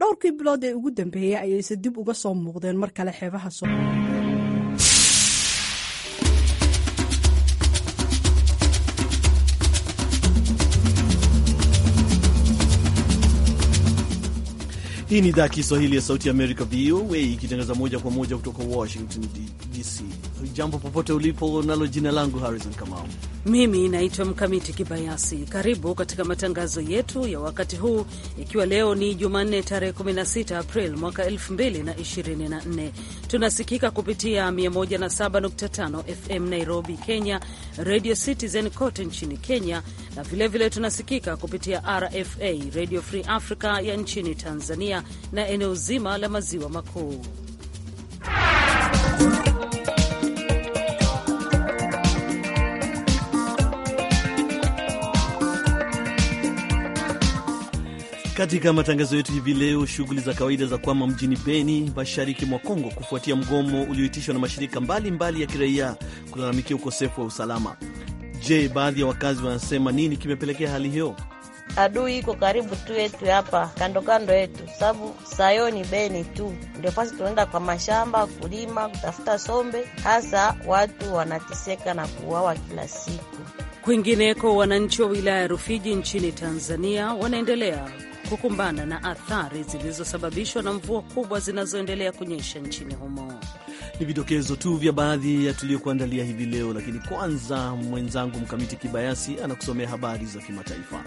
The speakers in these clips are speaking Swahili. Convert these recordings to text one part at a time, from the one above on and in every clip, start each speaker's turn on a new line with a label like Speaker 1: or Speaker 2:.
Speaker 1: dhowrkii bilood ee ugu dambeeyey ayayse dib uga soo muuqdeen mar kale xeebaha soo
Speaker 2: Hii ni idhaa ya Kiswahili ya Sauti Amerika, VOA, ikitangaza moja kwa moja kutoka Washington DC. Jambo popote ulipo nalo, jina langu Harrison Kamau.
Speaker 1: Mimi naitwa Mkamiti Kibayasi. Karibu katika matangazo yetu ya wakati huu, ikiwa leo ni Jumanne tarehe 16 April mwaka 2024. Tunasikika kupitia 107.5 FM Nairobi, Kenya, Radio Citizen kote nchini Kenya, na vilevile vile tunasikika kupitia RFA Radio Free Africa ya nchini Tanzania na eneo zima la maziwa makuu
Speaker 2: Katika matangazo yetu hivi leo, shughuli za kawaida za kwama mjini Beni, mashariki mwa Kongo, kufuatia mgomo ulioitishwa na mashirika mbalimbali mbali ya kiraia kulalamikia ukosefu wa usalama. Je, baadhi ya wakazi wanasema nini kimepelekea hali hiyo?
Speaker 3: Adui iko karibu tu yetu hapa kando kando yetu, sababu sayoni Beni tu ndio fasi tunaenda kwa mashamba kulima, kutafuta sombe. Hasa watu wanateseka na kuuawa kila siku.
Speaker 1: Kwingineko, wananchi wa wilaya ya Rufiji nchini Tanzania wanaendelea kukumbana na athari zilizosababishwa na mvua kubwa zinazoendelea kunyesha nchini humo.
Speaker 2: Ni vidokezo tu vya baadhi ya tuliyokuandalia hivi leo, lakini kwanza mwenzangu Mkamiti Kibayasi anakusomea habari za kimataifa.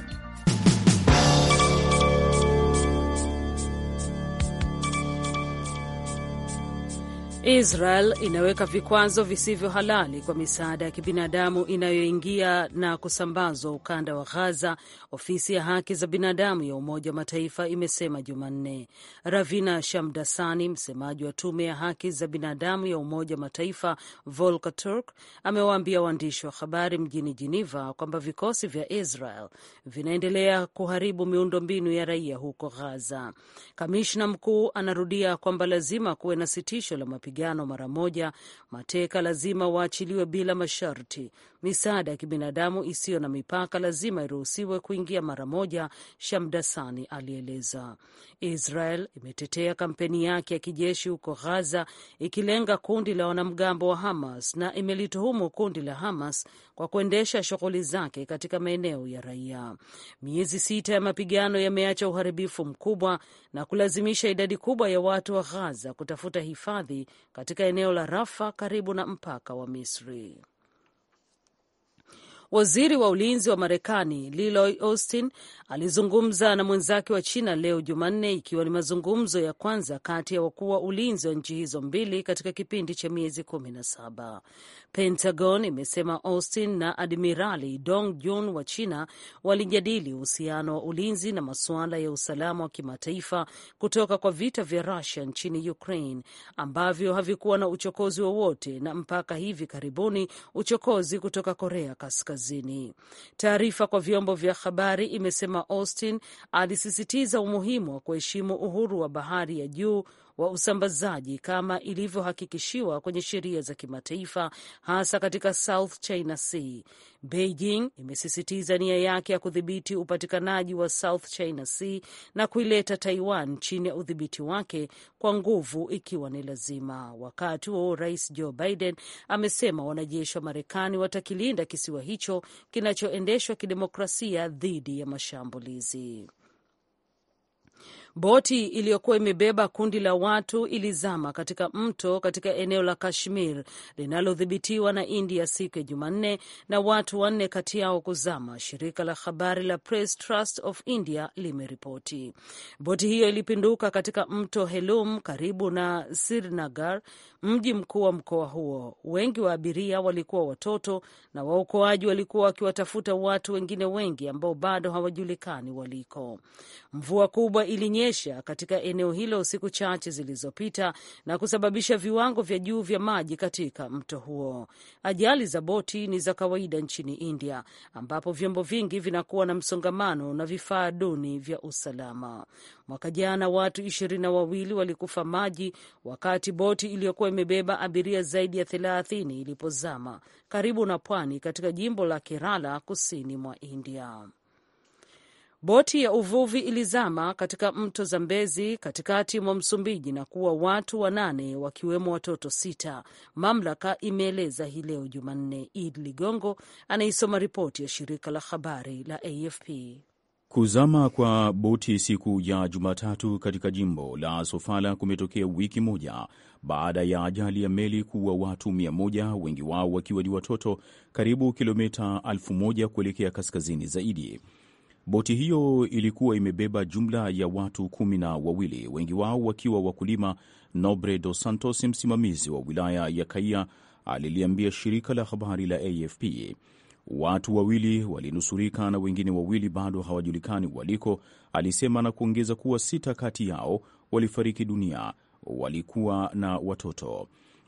Speaker 1: Israel inaweka vikwazo visivyo halali kwa misaada ya kibinadamu inayoingia na kusambazwa ukanda wa Gaza, ofisi ya haki za binadamu ya Umoja wa Mataifa imesema Jumanne. Ravina Shamdasani, msemaji wa tume ya haki za binadamu ya Umoja wa Mataifa Volker Turk, amewaambia waandishi wa habari mjini jiniva kwamba vikosi vya Israel vinaendelea kuharibu miundombinu ya raia huko Gaza. Kamishna mkuu anarudia kwamba lazima kuwe na sitisho la mapigano mapigano mara moja, mateka lazima waachiliwe bila masharti, misaada ya kibinadamu isiyo na mipaka lazima iruhusiwe kuingia mara moja, Shamdasani alieleza. Israel imetetea kampeni yake ya kijeshi huko ghaza ikilenga kundi la wanamgambo wa Hamas na imelituhumu kundi la Hamas kwa kuendesha shughuli zake katika maeneo ya raia. Miezi sita ya mapigano yameacha uharibifu mkubwa na kulazimisha idadi kubwa ya watu wa Ghaza kutafuta hifadhi katika eneo la Rafa karibu na mpaka wa Misri. Waziri wa ulinzi wa Marekani Lloyd Austin alizungumza na mwenzake wa China leo Jumanne, ikiwa ni mazungumzo ya kwanza kati ya wakuu wa ulinzi wa nchi hizo mbili katika kipindi cha miezi kumi na saba. Pentagon imesema Austin na Admirali Dong Jun wa China walijadili uhusiano wa ulinzi na masuala ya usalama wa kimataifa kutoka kwa vita vya Rusia nchini Ukraine ambavyo havikuwa na uchokozi wowote na mpaka hivi karibuni uchokozi kutoka Korea Kaskazini. Kaskazini. Taarifa kwa vyombo vya habari imesema Austin alisisitiza umuhimu wa kuheshimu uhuru wa bahari ya juu wa usambazaji kama ilivyohakikishiwa kwenye sheria za kimataifa, hasa katika South China Sea. Beijing imesisitiza nia yake ya kudhibiti upatikanaji wa South China Sea na kuileta Taiwan chini ya udhibiti wake kwa nguvu ikiwa ni lazima. Wakati huo Rais Joe Biden amesema wanajeshi wa Marekani watakilinda kisiwa hicho kinachoendeshwa kidemokrasia dhidi ya mashambulizi. Boti iliyokuwa imebeba kundi la watu ilizama katika mto katika eneo la Kashmir linalodhibitiwa na India siku ya Jumanne na watu wanne kati yao kuzama, shirika la habari la Press Trust of India limeripoti. Boti hiyo ilipinduka katika mto Helum karibu na Srinagar, mji mkuu wa mkoa huo. Wengi wa abiria walikuwa watoto na waokoaji walikuwa wakiwatafuta watu wengine wengi ambao bado hawajulikani waliko. Mvua kubwa ilinye kunyesha katika eneo hilo siku chache zilizopita na kusababisha viwango vya juu vya maji katika mto huo. Ajali za boti ni za kawaida nchini India, ambapo vyombo vingi vinakuwa na msongamano na vifaa duni vya usalama. Mwaka jana watu ishirini na wawili walikufa maji wakati boti iliyokuwa imebeba abiria zaidi ya thelathini ilipozama karibu na pwani katika jimbo la Kerala kusini mwa India. Boti ya uvuvi ilizama katika mto Zambezi katikati mwa Msumbiji na kuwa watu wanane wakiwemo watoto sita, mamlaka imeeleza hii leo Jumanne. Id Ligongo anaisoma ripoti ya shirika la habari la AFP.
Speaker 4: Kuzama kwa boti siku ya Jumatatu katika jimbo la Sofala kumetokea wiki moja baada ya ajali ya meli kuwa watu 1 wengi wao wakiwa ni watoto, karibu kilomita 1 kuelekea kaskazini zaidi. Boti hiyo ilikuwa imebeba jumla ya watu kumi na wawili, wengi wao wakiwa wakulima. Nobre Dos Santos, msimamizi wa wilaya ya Kaia, aliliambia shirika la habari la AFP watu wawili walinusurika na wengine wawili bado hawajulikani waliko, alisema na kuongeza kuwa sita kati yao walifariki dunia, walikuwa na watoto.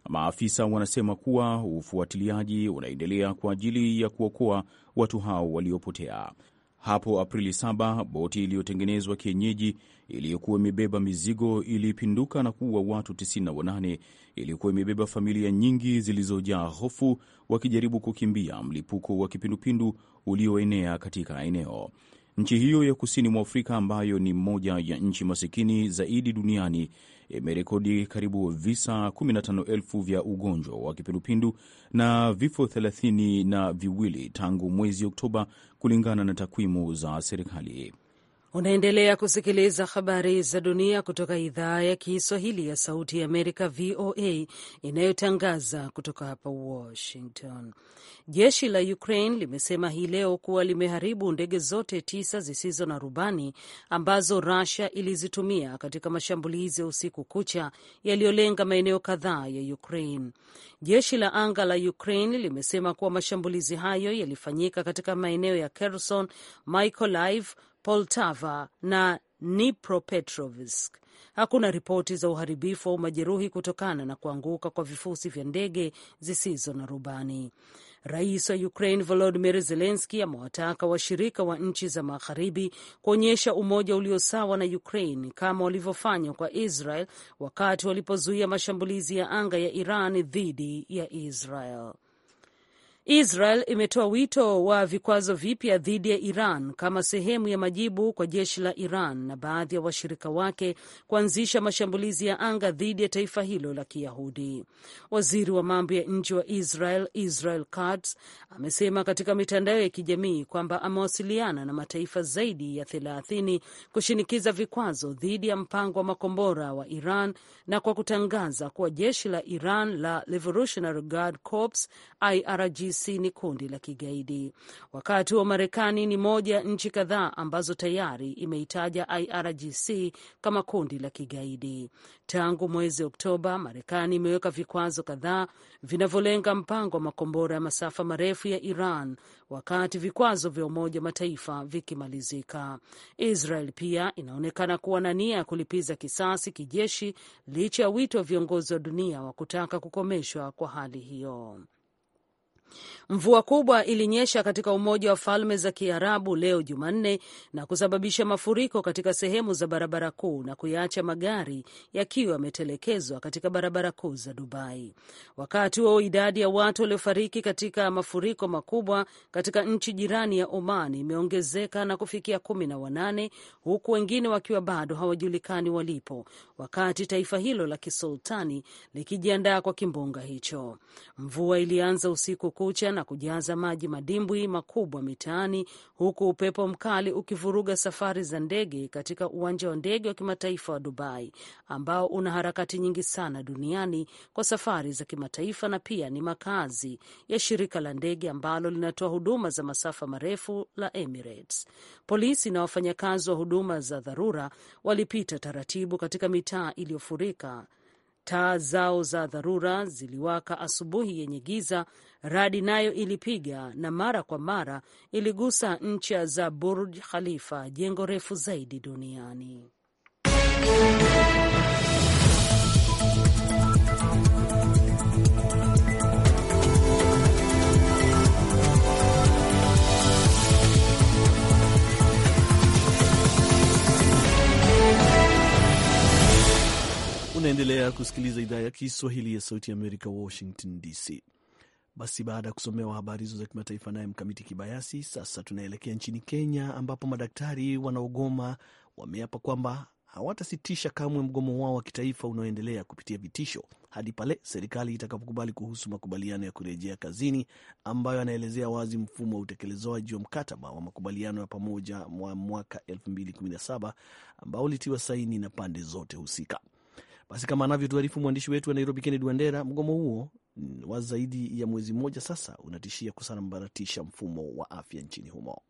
Speaker 4: Maafisa wanasema kuwa ufuatiliaji unaendelea kwa ajili ya kuokoa watu hao waliopotea. Hapo Aprili 7 boti iliyotengenezwa kienyeji iliyokuwa imebeba mizigo ilipinduka na kuua watu 98. Ilikuwa imebeba familia nyingi zilizojaa hofu, wakijaribu kukimbia mlipuko wa kipindupindu ulioenea katika eneo. Nchi hiyo ya kusini mwa Afrika ambayo ni moja ya nchi masikini zaidi duniani imerekodi karibu visa 15,000 vya ugonjwa wa kipindupindu na vifo thelathini na viwili tangu mwezi Oktoba, kulingana na takwimu za serikali.
Speaker 1: Unaendelea kusikiliza habari za dunia kutoka idhaa ya Kiswahili ya Sauti ya Amerika, VOA, inayotangaza kutoka hapa Washington. Jeshi la Ukraine limesema hii leo kuwa limeharibu ndege zote tisa zisizo na rubani ambazo Russia ilizitumia katika mashambulizi ya usiku kucha yaliyolenga maeneo kadhaa ya Ukraine. Jeshi la anga la Ukraine limesema kuwa mashambulizi hayo yalifanyika katika maeneo ya Kherson, Mykolaiv, Poltava na Dnipropetrovsk. Hakuna ripoti za uharibifu au majeruhi kutokana na kuanguka kwa vifusi vya ndege zisizo na rubani. Rais wa Ukraine volodimir zelenski amewataka washirika wa nchi za magharibi kuonyesha umoja ulio sawa na Ukraine kama walivyofanya kwa Israel wakati walipozuia mashambulizi ya anga ya Iran dhidi ya Israel. Israel imetoa wito wa vikwazo vipya dhidi ya Iran kama sehemu ya majibu kwa jeshi la Iran na baadhi ya wa washirika wake kuanzisha mashambulizi ya anga dhidi ya taifa hilo la Kiyahudi. Waziri wa mambo ya nje wa Israel, Israel Katz, amesema katika mitandao ya kijamii kwamba amewasiliana na mataifa zaidi ya thelathini kushinikiza vikwazo dhidi ya mpango wa makombora wa Iran na kwa kutangaza kuwa jeshi la Iran la Revolutionary Guard Corps IRG ICC ni kundi la kigaidi, wakati wa Marekani ni moja nchi kadhaa ambazo tayari imeitaja IRGC kama kundi la kigaidi. Tangu mwezi Oktoba, Marekani imeweka vikwazo kadhaa vinavyolenga mpango wa makombora ya masafa marefu ya Iran wakati vikwazo vya Umoja wa Mataifa vikimalizika. Israel pia inaonekana kuwa na nia ya kulipiza kisasi kijeshi licha ya wito wa viongozi wa dunia wa kutaka kukomeshwa kwa hali hiyo. Mvua kubwa ilinyesha katika Umoja wa Falme za Kiarabu leo Jumanne na kusababisha mafuriko katika sehemu za barabara kuu na kuyaacha magari yakiwa yametelekezwa katika barabara kuu za Dubai. Wakati huo idadi ya watu waliofariki katika mafuriko makubwa katika nchi jirani ya Oman imeongezeka na kufikia kumi na wanane huku wengine wakiwa bado hawajulikani walipo, wakati taifa hilo la kisultani likijiandaa kwa kimbunga hicho. Mvua ilianza usiku kucha na kujaza maji madimbwi makubwa mitaani, huku upepo mkali ukivuruga safari za ndege katika uwanja wa ndege wa kimataifa wa Dubai ambao una harakati nyingi sana duniani kwa safari za kimataifa na pia ni makazi ya shirika la ndege ambalo linatoa huduma za masafa marefu la Emirates. Polisi na wafanyakazi wa huduma za dharura walipita taratibu katika mitaa iliyofurika Taa zao za dharura ziliwaka asubuhi yenye giza, radi nayo ilipiga na mara kwa mara iligusa ncha za Burj Khalifa, jengo refu zaidi duniani.
Speaker 2: Unaendelea kusikiliza idhaa ya Kiswahili ya Sauti ya Amerika, Washington DC. Basi baada ya kusomewa habari hizo za kimataifa naye Mkamiti Kibayasi, sasa tunaelekea nchini Kenya ambapo madaktari wanaogoma wameapa kwamba hawatasitisha kamwe mgomo wao wa kitaifa unaoendelea kupitia vitisho hadi pale serikali itakapokubali kuhusu makubaliano ya kurejea kazini ambayo anaelezea wazi mfumo wa utekelezaji wa mkataba wa makubaliano ya pamoja mwa mwaka 2017 ambao ulitiwa saini na pande zote husika. Basi kama anavyotuarifu mwandishi wetu wa Nairobi, Kennedy Wandera, mgomo huo wa zaidi ya mwezi mmoja sasa unatishia kusambaratisha mfumo wa afya nchini humo.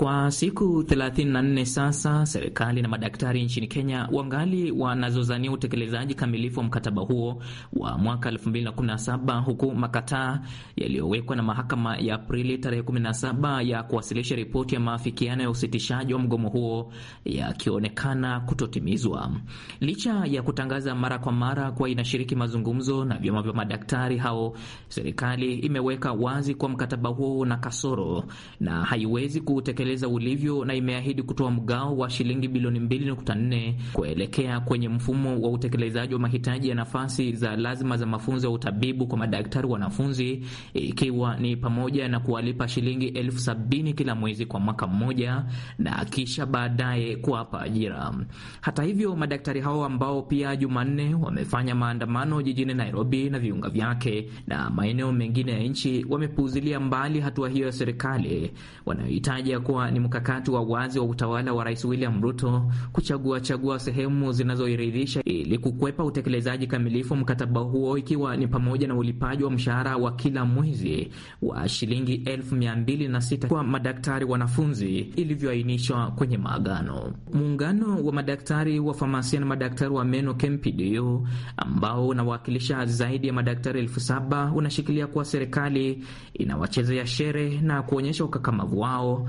Speaker 5: Kwa siku 34 sasa, serikali na madaktari nchini Kenya wangali wanazozania utekelezaji kamilifu wa mkataba huo wa mwaka 2017 huku makataa yaliyowekwa na mahakama ya Aprili tarehe 17 ya kuwasilisha ripoti ya maafikiano ya usitishaji wa mgomo huo yakionekana kutotimizwa, licha ya kutangaza mara kwa mara kuwa inashiriki mazungumzo na vyama vya madaktari hao. Serikali imeweka wazi kuwa mkataba huo una kasoro na haiwezi kuutekeleza kutekeleza ulivyo na imeahidi kutoa mgao wa shilingi bilioni 2.4 kuelekea kwenye mfumo wa utekelezaji wa mahitaji ya nafasi za lazima za mafunzo ya utabibu kwa madaktari wanafunzi, ikiwa ni pamoja na kuwalipa shilingi elfu sabini kila mwezi kwa mwaka mmoja na kisha baadaye kuwapa ajira. Hata hivyo, madaktari hao ambao pia Jumanne wamefanya maandamano jijini Nairobi na viunga vyake na maeneo mengine ya nchi wamepuuzilia mbali hatua hiyo ya serikali, wanayohitaji kuwa kuwa ni mkakati wa wazi wa utawala wa Rais William Ruto kuchagua chagua sehemu zinazoiridhisha ili kukwepa utekelezaji kamilifu mkataba huo, ikiwa ni pamoja na ulipaji wa mshahara wa kila mwezi wa shilingi elfu mia mbili na sita kwa madaktari wanafunzi ilivyoainishwa kwenye maagano. Muungano wa madaktari wa famasia na madaktari wa meno KMPDU, ambao unawakilisha zaidi ya madaktari elfu saba unashikilia kuwa serikali inawachezea shere na kuonyesha ukakamavu wao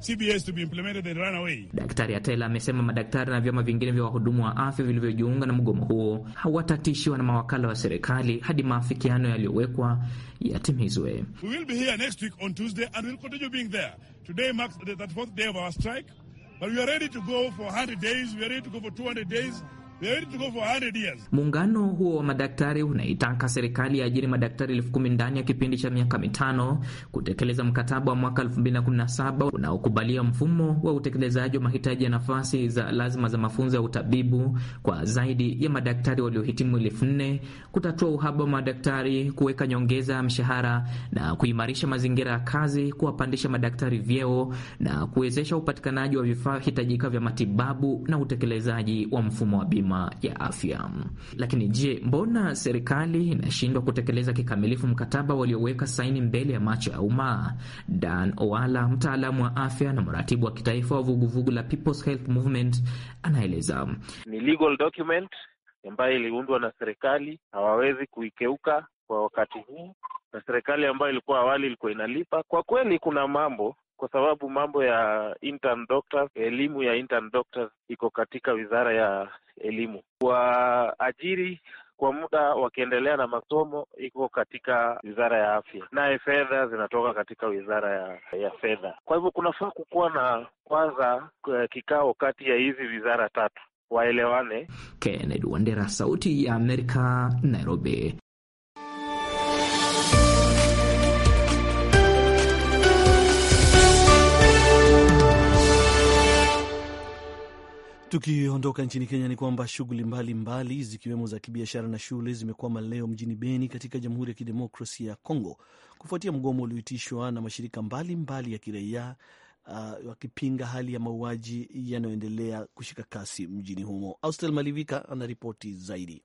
Speaker 6: CBS to be implemented and run away.
Speaker 5: Daktari Atela amesema madaktari na vyama vingine vya wahudumu wa afya vilivyojiunga na mgomo huo hawatatishiwa na mawakala wa serikali hadi maafikiano yaliyowekwa yatimizwe.
Speaker 1: We will be here next week on Tuesday and we'll continue
Speaker 6: being there. Today marks the 34th day of our strike, but we are ready to go for 100 days, we are ready to go for 200 days.
Speaker 5: Muungano huo wa madaktari unaitaka serikali yaajiri madaktari elfu kumi ndani ya kipindi cha miaka mitano kutekeleza mkataba wa mwaka 2017 unaokubalia mfumo wa utekelezaji wa mahitaji ya nafasi za lazima za mafunzo ya utabibu kwa zaidi ya madaktari waliohitimu elfu nne kutatua uhaba wa madaktari, kuweka nyongeza ya mshahara na kuimarisha mazingira ya kazi, kuwapandisha madaktari vyeo na kuwezesha upatikanaji wa vifaa hitajika vya matibabu na utekelezaji wa mfumo wa bima bima ya afya. Lakini je, mbona serikali inashindwa kutekeleza kikamilifu mkataba walioweka saini mbele ya macho ya umma? Dan Owala, mtaalamu wa afya na mratibu wa kitaifa wa vuguvugu la People's Health Movement, anaeleza.
Speaker 7: Ni legal document ambayo iliundwa na serikali, hawawezi kuikeuka kwa wakati huu, na serikali ambayo ilikuwa awali ilikuwa inalipa. Kwa kweli kuna mambo kwa sababu mambo ya intern doctors, elimu ya intern doctors iko katika wizara ya elimu. Waajiri kwa muda wakiendelea na masomo iko katika wizara ya afya, naye fedha zinatoka katika wizara ya, ya fedha. Kwa hivyo kunafaa kukuwa na kwanza eh, kikao kati ya hizi wizara tatu waelewane.
Speaker 5: Kennedy Wandera, Sauti ya Amerika, Nairobi.
Speaker 2: Tukiondoka nchini Kenya ni kwamba shughuli mbalimbali zikiwemo za kibiashara na shule zimekwama leo mjini Beni katika Jamhuri ya Kidemokrasia ya Kongo kufuatia mgomo ulioitishwa na mashirika mbalimbali mbali ya kiraia uh, wakipinga hali ya mauaji yanayoendelea kushika kasi mjini humo. Austel Malivika anaripoti zaidi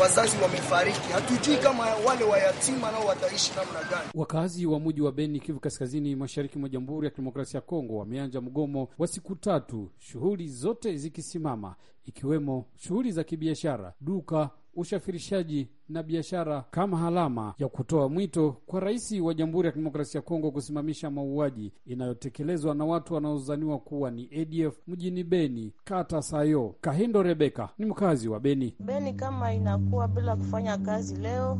Speaker 2: wazazi wamefariki, hatujui kama wale wayatima nao wataishi namna gani. Wakazi wa mji wa Beni, Kivu Kaskazini, mashariki
Speaker 8: mwa Jamhuri ya Kidemokrasia ya Kongo wameanja mgomo wa siku tatu, shughuli zote zikisimama, ikiwemo shughuli za kibiashara, duka usafirishaji na biashara kama alama ya kutoa mwito kwa rais wa Jamhuri ya Kidemokrasia ya Kongo kusimamisha mauaji inayotekelezwa na watu wanaozaniwa kuwa ni ADF mjini Beni, kata Sayo. Kahindo Rebeka ni mkazi wa Beni.
Speaker 3: Beni kama inakuwa bila kufanya kazi leo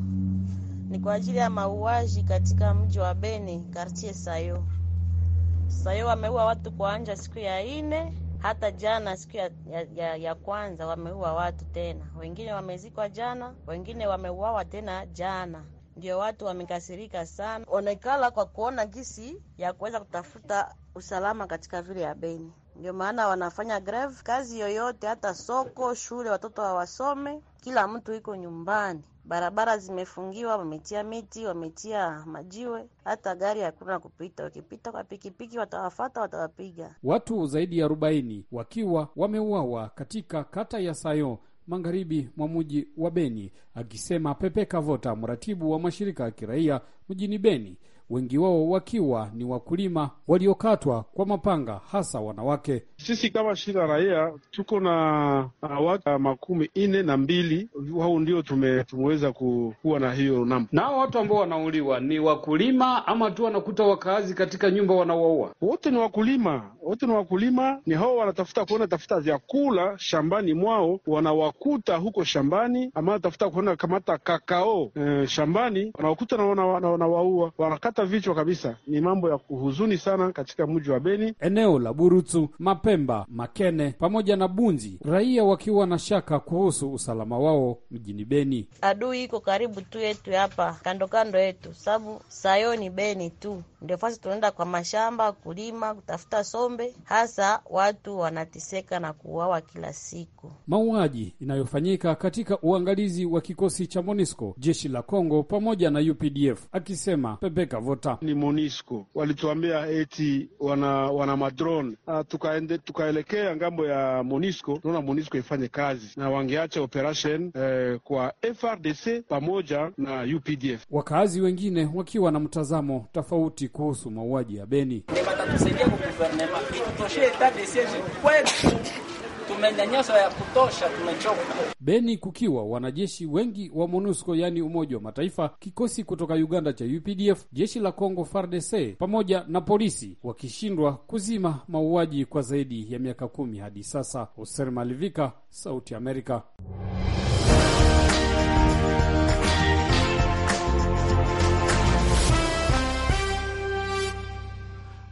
Speaker 3: ni kwa ajili ya mauaji katika mji wa Beni, kartie Sayo. Sayo wameua watu kwa anja siku ya ine hata jana siku ya, ya, ya kwanza wameua watu tena, wengine wamezikwa jana, wengine wameuawa tena jana. Ndio watu wamekasirika sana, onekala kwa kuona gisi ya kuweza kutafuta usalama katika vile ya Beni. Ndio maana wanafanya greve, kazi yoyote, hata soko, shule, watoto hawasome, kila mtu iko nyumbani barabara zimefungiwa, wametia miti, wametia majiwe, hata gari hakuna kupita. Wakipita kwa pikipiki watawafata, watawapiga.
Speaker 8: Watu zaidi ya arobaini wakiwa wameuawa katika kata ya Sayo magharibi mwa mji wa Beni, akisema Pepe Kavota, mratibu wa mashirika ya kiraia mjini Beni, wengi wao wakiwa ni wakulima waliokatwa kwa mapanga, hasa wanawake.
Speaker 9: Sisi kama shirika raia tuko na watu makumi nne na mbili hao ndio tume, tumeweza kuwa na hiyo namba. Nao watu ambao wanauliwa ni wakulima ama tu wanakuta wakaazi katika nyumba wanawaua? Wote ni wakulima, wote ni wakulima, ni hao wanatafuta kuona tafuta vyakula shambani mwao wanawakuta huko shambani, ama wanatafuta kuona kamata kakao e, shambani wanawakuta na wanawaua, wanakata vichwa kabisa. Ni mambo ya kuhuzuni sana katika mji wa Beni, eneo la Burutu Map Pemba,
Speaker 8: Makene pamoja
Speaker 9: na Bunzi,
Speaker 8: raia wakiwa na shaka kuhusu usalama wao mjini Beni.
Speaker 3: Adui iko karibu tu yetu hapa kando kando yetu, sababu sayoni Beni tu ndio fasi tunaenda kwa mashamba kulima, kutafuta sombe, hasa watu wanateseka na kuuawa kila siku.
Speaker 8: Mauaji inayofanyika katika uangalizi wa kikosi cha MONUSCO, jeshi la congo pamoja
Speaker 9: na UPDF, akisema Pepeka Vota. Ni MONUSCO walituambia eti wana, wana madrone ah, tukaende Eh, tukaelekea ngambo ya Monisco, naona Monisco ifanye kazi na wangeacha operation eh, kwa FRDC pamoja na UPDF.
Speaker 8: Wakaazi wengine wakiwa na mtazamo tofauti kuhusu mauaji ya Beni
Speaker 7: tumenyanyaswa ya kutosha, tumechoka.
Speaker 8: Beni kukiwa wanajeshi wengi wa MONUSCO yaani Umoja wa Mataifa, kikosi kutoka Uganda cha UPDF, jeshi la Kongo FARDC pamoja na polisi wakishindwa kuzima mauaji kwa zaidi ya miaka kumi hadi sasa. Hoser Malivika, Sauti Amerika.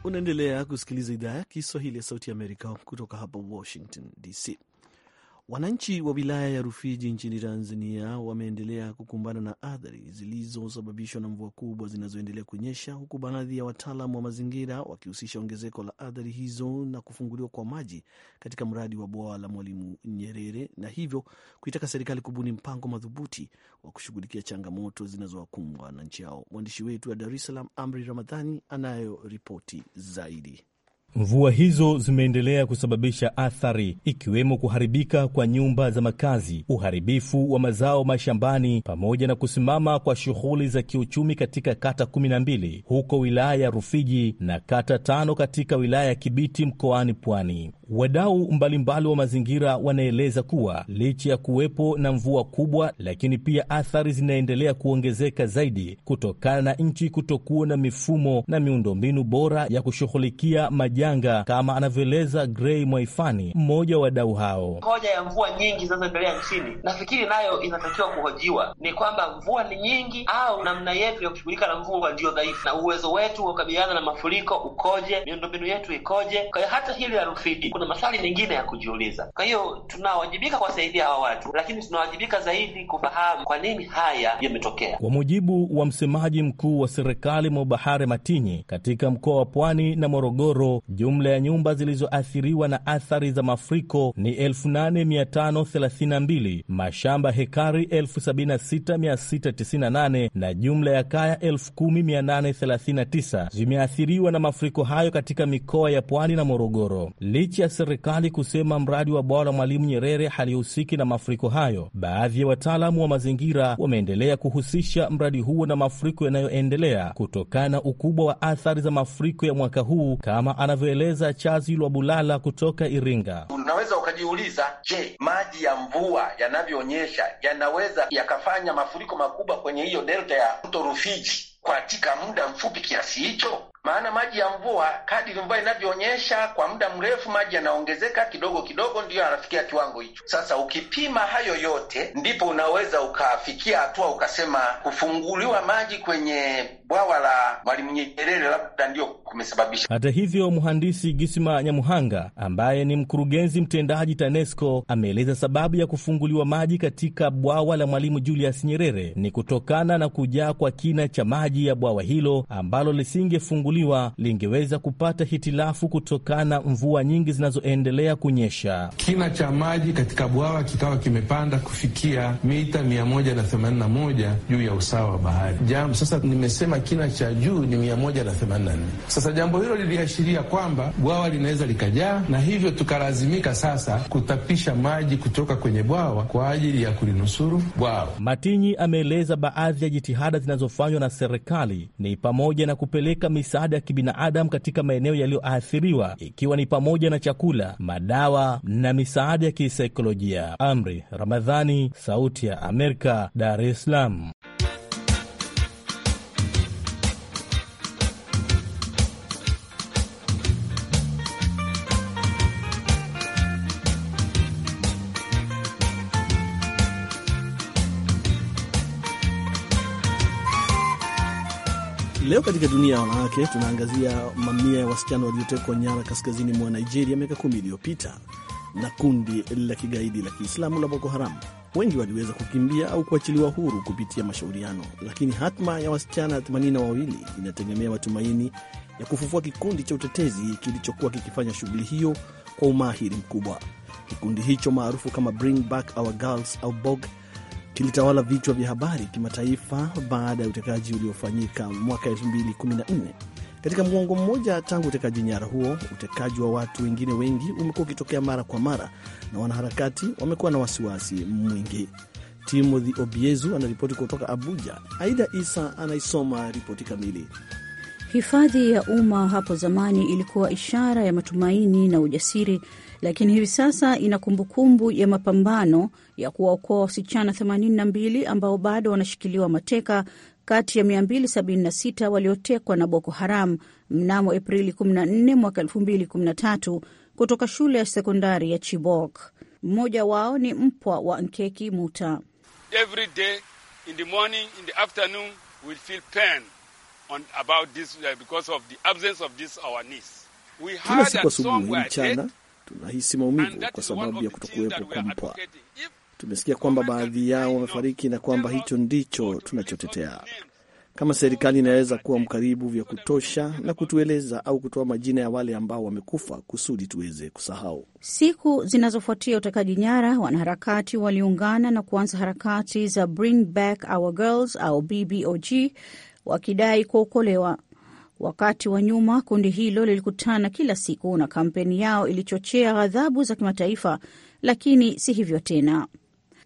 Speaker 2: Unaendelea kusikiliza idhaa ya Kiswahili ya Sauti ya Amerika kutoka hapa Washington DC. Wananchi wa wilaya ya Rufiji nchini Tanzania wameendelea kukumbana na athari zilizosababishwa na mvua kubwa zinazoendelea kunyesha, huku baadhi ya wataalam wa mazingira wakihusisha ongezeko la athari hizo na kufunguliwa kwa maji katika mradi wa bwawa la Mwalimu Nyerere na hivyo kuitaka serikali kubuni mpango madhubuti wa kushughulikia changamoto zinazowakumbwa wananchi hao. Mwandishi wetu wa Dar es Salaam, Amri Ramadhani, anayo ripoti zaidi.
Speaker 7: Mvua hizo zimeendelea kusababisha athari ikiwemo kuharibika kwa nyumba za makazi, uharibifu wa mazao mashambani, pamoja na kusimama kwa shughuli za kiuchumi katika kata 12 huko wilaya ya Rufiji na kata tano katika wilaya ya Kibiti mkoani Pwani. Wadau mbalimbali wa mazingira wanaeleza kuwa licha ya kuwepo na mvua kubwa, lakini pia athari zinaendelea kuongezeka zaidi kutokana na nchi kutokuwa na mifumo na miundombinu bora ya kushughulikia maji majanga, kama anavyoeleza Grey Mwaifani, mmoja wa wadau hao.
Speaker 2: Hoja ya mvua nyingi zinazoendelea nchini, nafikiri nayo inatakiwa kuhojiwa, ni kwamba mvua ni nyingi au namna yetu ya kushughulika na mvua ndiyo dhaifu, na uwezo wetu wa kukabiliana na mafuriko ukoje, miundombinu yetu ikoje? Kwa hiyo hata hili la Rufiji kuna maswali mengine ya kujiuliza. Kwa hiyo tunawajibika kuwasaidia hawa watu, lakini tunawajibika zaidi kufahamu kwa nini haya yametokea.
Speaker 7: Kwa mujibu wa msemaji mkuu wa serikali Mobahare Matinyi katika mkoa wa Pwani na Morogoro, Jumla ya nyumba zilizoathiriwa na athari za mafuriko ni 8532, mashamba hekari 76698 na jumla ya kaya 10839 zimeathiriwa na mafuriko hayo katika mikoa ya Pwani na Morogoro. Licha ya serikali kusema mradi wa bwawa la Mwalimu Nyerere halihusiki na mafuriko hayo, baadhi ya wataalamu wa mazingira wameendelea kuhusisha mradi huo na mafuriko yanayoendelea kutokana na ukubwa wa athari za mafuriko ya mwaka huu kama anavyo anavyoeleza Chazi Lwa Bulala kutoka Iringa. Unaweza ukajiuliza, je, maji ya mvua yanavyoonyesha yanaweza yakafanya mafuriko makubwa kwenye hiyo delta ya mto Rufiji katika muda mfupi kiasi hicho? maana maji ya mvua kadiri mvua inavyoonyesha kwa muda mrefu, maji yanaongezeka kidogo kidogo, ndiyo anafikia kiwango hicho. Sasa ukipima hayo yote, ndipo unaweza ukafikia hatua ukasema kufunguliwa maji kwenye bwawa la Mwalimu Nyerere labda ndiyo kumesababisha. Hata hivyo, mhandisi Gisima Nyamuhanga ambaye ni mkurugenzi mtendaji TANESCO ameeleza sababu ya kufunguliwa maji katika bwawa la Mwalimu Julius Nyerere ni kutokana na kujaa kwa kina cha maji ya bwawa hilo ambalo lisingefungu kuchukuliwa lingeweza kupata hitilafu kutokana mvua nyingi zinazoendelea kunyesha. Kina cha maji
Speaker 9: katika bwawa kikawa kimepanda kufikia mita 181 juu ya usawa wa bahari. Jambo sasa, nimesema kina cha juu ni 184. Sasa jambo hilo liliashiria kwamba bwawa linaweza likajaa, na hivyo tukalazimika sasa kutapisha maji kutoka kwenye bwawa kwa ajili ya kulinusuru
Speaker 7: bwawa. Matinyi ameeleza baadhi ya jitihada zinazofanywa na serikali ni pamoja na kupeleka misaada misaada ya kibinadamu katika maeneo yaliyoathiriwa ikiwa ni pamoja na chakula, madawa na misaada ya kisaikolojia. Amri Ramadhani, Sauti ya Amerika, Dar es Salaam.
Speaker 2: Leo katika dunia ya wanawake tunaangazia mamia ya wasichana waliotekwa nyara kaskazini mwa Nigeria miaka kumi iliyopita na kundi la kigaidi la Kiislamu la Boko Haram. Wengi waliweza kukimbia au kuachiliwa huru kupitia mashauriano, lakini hatma ya wasichana themanini na wawili inategemea matumaini ya kufufua kikundi cha utetezi kilichokuwa kikifanya shughuli hiyo kwa umahiri mkubwa. Kikundi hicho maarufu kama Bring Back Our Girls au BOG kilitawala vichwa vya habari kimataifa baada ya utekaji uliofanyika mwaka 2014. Katika mwongo mmoja tangu utekaji nyara huo, utekaji wa watu wengine wengi umekuwa ukitokea mara kwa mara na wanaharakati wamekuwa na wasiwasi mwingi. Timothy Obiezu anaripoti kutoka Abuja. Aida Isa anaisoma ripoti kamili.
Speaker 10: Hifadhi ya umma hapo zamani ilikuwa ishara ya matumaini na ujasiri lakini hivi sasa ina kumbukumbu ya mapambano ya kuwaokoa wasichana 82 ambao bado wanashikiliwa mateka kati ya 276 waliotekwa na Boko Haram mnamo Aprili 14 mwaka 2013 kutoka shule ya sekondari ya Chibok. Mmoja wao ni mpwa wa Nkeki Muta.
Speaker 2: Kila siku asubuhi, mchana tunahisi maumivu kwa sababu ya kutokuwepo kwa mpwa. Tumesikia kwamba baadhi yao wamefariki na kwamba hicho ndicho tunachotetea. Kama serikali inaweza kuwa mkaribu vya kutosha na kutueleza au kutoa majina ya wale ambao wamekufa kusudi tuweze kusahau.
Speaker 10: Siku zinazofuatia utekaji nyara, wanaharakati waliungana na kuanza harakati za Bring Back Our Girls au BBOG wakidai kuokolewa. Wakati wa nyuma kundi hilo lilikutana kila siku na kampeni yao ilichochea ghadhabu za kimataifa, lakini si hivyo tena.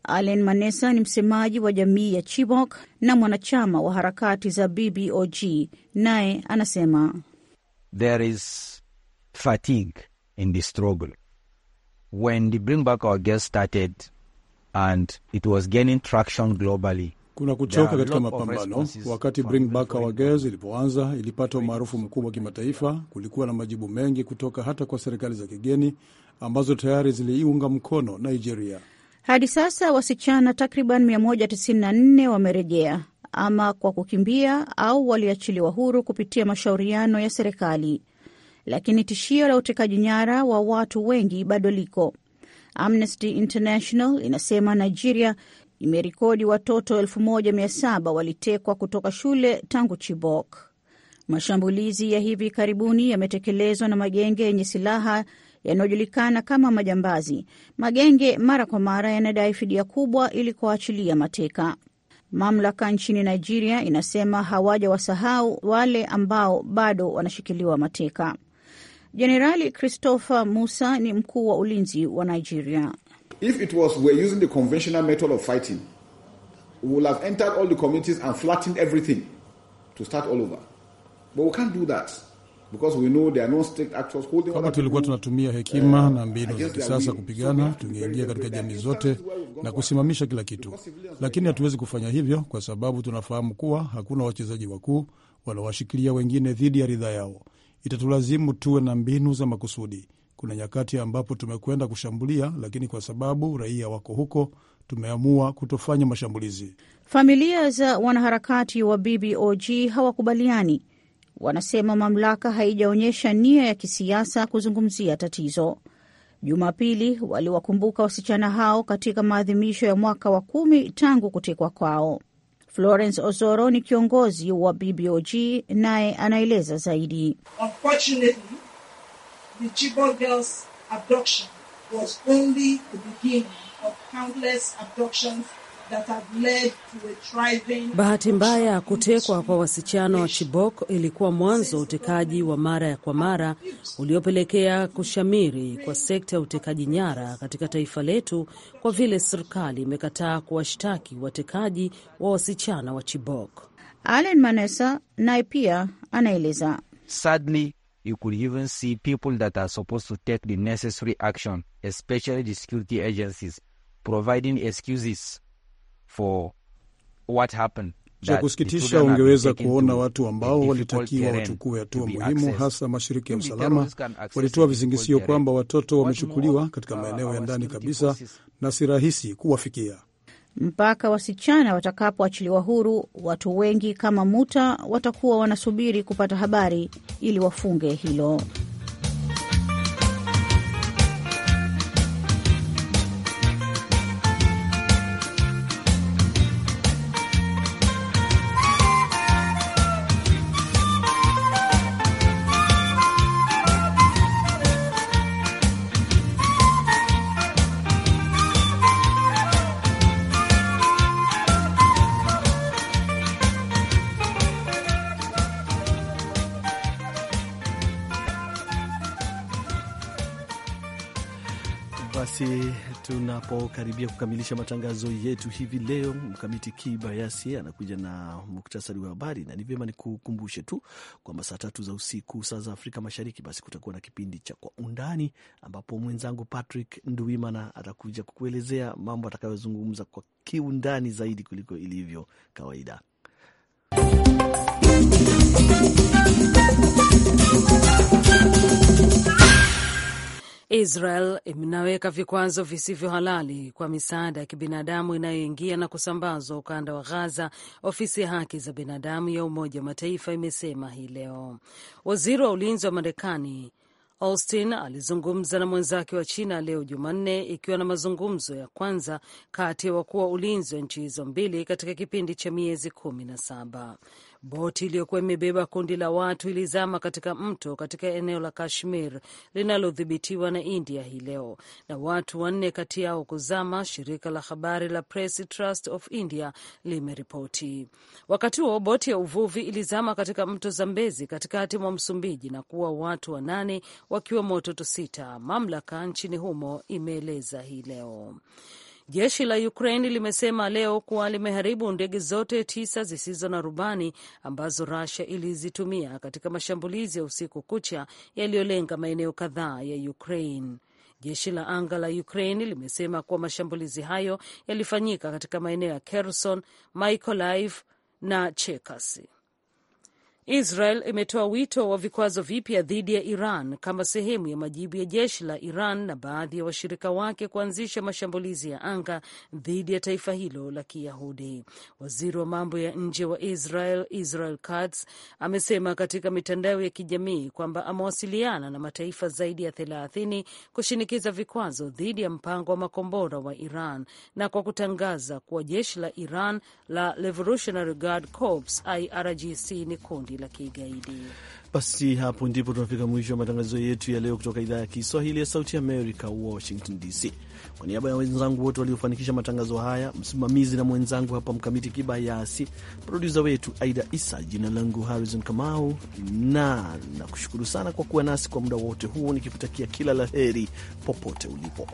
Speaker 10: Alen Manesa ni msemaji wa jamii ya Chibok na mwanachama wa harakati za BBOG, naye anasema
Speaker 4: There is fatigue in the struggle when the bring back our girls started and it was gaining traction globally
Speaker 6: kuna kuchoka katika mapambano. Wakati Bring Back Our Girls ilipoanza, ilipata umaarufu mkubwa kimataifa. Kulikuwa na majibu mengi kutoka hata kwa serikali za kigeni ambazo tayari ziliiunga mkono Nigeria.
Speaker 10: Hadi sasa wasichana takriban 194 wamerejea ama kwa kukimbia au waliachiliwa huru kupitia mashauriano ya serikali, lakini tishio la utekaji nyara wa watu wengi bado liko. Amnesty International inasema Nigeria imerekodi watoto 1700 walitekwa kutoka shule tangu Chibok. Mashambulizi ya hivi karibuni yametekelezwa na magenge yenye silaha yanayojulikana kama majambazi. Magenge mara kwa mara yanadai fidia kubwa ili kuwaachilia mateka. Mamlaka nchini Nigeria inasema hawaja wasahau wale ambao bado wanashikiliwa mateka. Jenerali Christopher Musa ni mkuu wa ulinzi wa Nigeria.
Speaker 6: If it was we're using the conventional method of fighting, we would have entered all the communities and flattened everything to start all over. But we can't do that because we know there are no state actors holding. Kama tulikuwa tunatumia hekima uh, na mbinu za kisasa kupigana, so tungeingia katika jamii zote na kusimamisha kila kitu, lakini hatuwezi kufanya hivyo kwa sababu tunafahamu kuwa hakuna wachezaji wakuu wanawashikilia wengine dhidi ya ridhaa yao. Itatulazimu tuwe na mbinu za makusudi kuna nyakati ambapo tumekwenda kushambulia, lakini kwa sababu raia wako huko tumeamua kutofanya mashambulizi.
Speaker 10: Familia za wanaharakati wa BBOG hawakubaliani. Wanasema mamlaka haijaonyesha nia ya kisiasa kuzungumzia tatizo. Jumapili waliwakumbuka wasichana hao katika maadhimisho ya mwaka wa kumi tangu kutekwa kwao. Florence Ozoro ni kiongozi wa BBOG, naye anaeleza zaidi
Speaker 5: the Chibok girls' abduction was only the beginning
Speaker 1: of countless abductions Bahati mbaya, kutekwa kwa wasichana wa Chibok ilikuwa mwanzo wa utekaji wa mara kwa mara uliopelekea kushamiri kwa sekta ya utekaji nyara katika taifa letu, kwa vile serikali imekataa kuwashtaki watekaji wa wasichana wa Chibok.
Speaker 10: Allen Manesa naye pia anaeleza
Speaker 4: you could even see people that are supposed to take the necessary action, especially the security agencies, providing excuses for what happened. Cha kusikitisha, ungeweza kuona watu ambao walitakiwa wachukue hatua
Speaker 6: muhimu, hasa mashirika ya usalama walitoa vizingizio kwamba watoto wamechukuliwa katika uh, maeneo ya ndani kabisa na si rahisi kuwafikia
Speaker 10: mpaka wasichana watakapoachiliwa huru. Watu wengi kama Muta watakuwa wanasubiri kupata habari ili wafunge hilo.
Speaker 2: tunapokaribia kukamilisha matangazo yetu hivi leo, Mkamiti Kibayasi anakuja na muktasari wa habari, na ni vyema nikukumbushe tu kwamba saa tatu za usiku, saa za Afrika Mashariki, basi kutakuwa na kipindi cha Kwa Undani, ambapo mwenzangu Patrick Nduwimana atakuja kukuelezea mambo atakayozungumza kwa kiundani zaidi kuliko ilivyo kawaida.
Speaker 1: Israel inaweka vikwazo visivyo halali kwa misaada ya kibinadamu inayoingia na kusambazwa ukanda wa Gaza, ofisi ya haki za binadamu ya Umoja wa Mataifa imesema hii leo. Waziri wa ulinzi wa Marekani Austin alizungumza na mwenzake wa China leo Jumanne, ikiwa na mazungumzo ya kwanza kati ya wakuu wa ulinzi wa nchi hizo mbili katika kipindi cha miezi kumi na saba. Boti iliyokuwa imebeba kundi la watu ilizama katika mto katika eneo la Kashmir linalodhibitiwa na India hii leo, na watu wanne kati yao kuzama, shirika la habari la Press Trust of India limeripoti. Wakati huo boti ya uvuvi ilizama katika mto Zambezi katikati mwa Msumbiji na kuwa watu wanane wakiwemo watoto sita, mamlaka nchini humo imeeleza hii leo. Jeshi la Ukraine limesema leo kuwa limeharibu ndege zote tisa zisizo na rubani ambazo Russia ilizitumia katika mashambulizi ya usiku kucha yaliyolenga maeneo kadhaa ya Ukraine. Jeshi la anga la Ukraine limesema kuwa mashambulizi hayo yalifanyika katika maeneo ya Kherson, Mykolaiv na Cherkasy. Israel imetoa wito wa vikwazo vipya dhidi ya Iran kama sehemu ya majibu ya jeshi la Iran na baadhi ya washirika wake kuanzisha mashambulizi ya anga dhidi ya taifa hilo la Kiyahudi. Waziri wa mambo ya nje wa Israel, Israel Katz, amesema katika mitandao ya kijamii kwamba amewasiliana na mataifa zaidi ya thelathini kushinikiza vikwazo dhidi ya mpango wa makombora wa Iran na kwa kutangaza kuwa jeshi la Iran la Revolutionary Guard Corps, IRGC, ni kundi la kigaidi.
Speaker 2: Basi hapo ndipo tunafika mwisho wa matangazo yetu ya leo kutoka idhaa ya Kiswahili ya Sauti Amerika, Washington DC. Kwa niaba ya wenzangu wote waliofanikisha matangazo haya, msimamizi na mwenzangu hapa Mkamiti Kibayasi, produsa wetu Aida Isa, jina langu Harrison Kamau na nakushukuru sana kwa kuwa nasi kwa muda wote huo, nikikutakia kila la heri popote ulipo.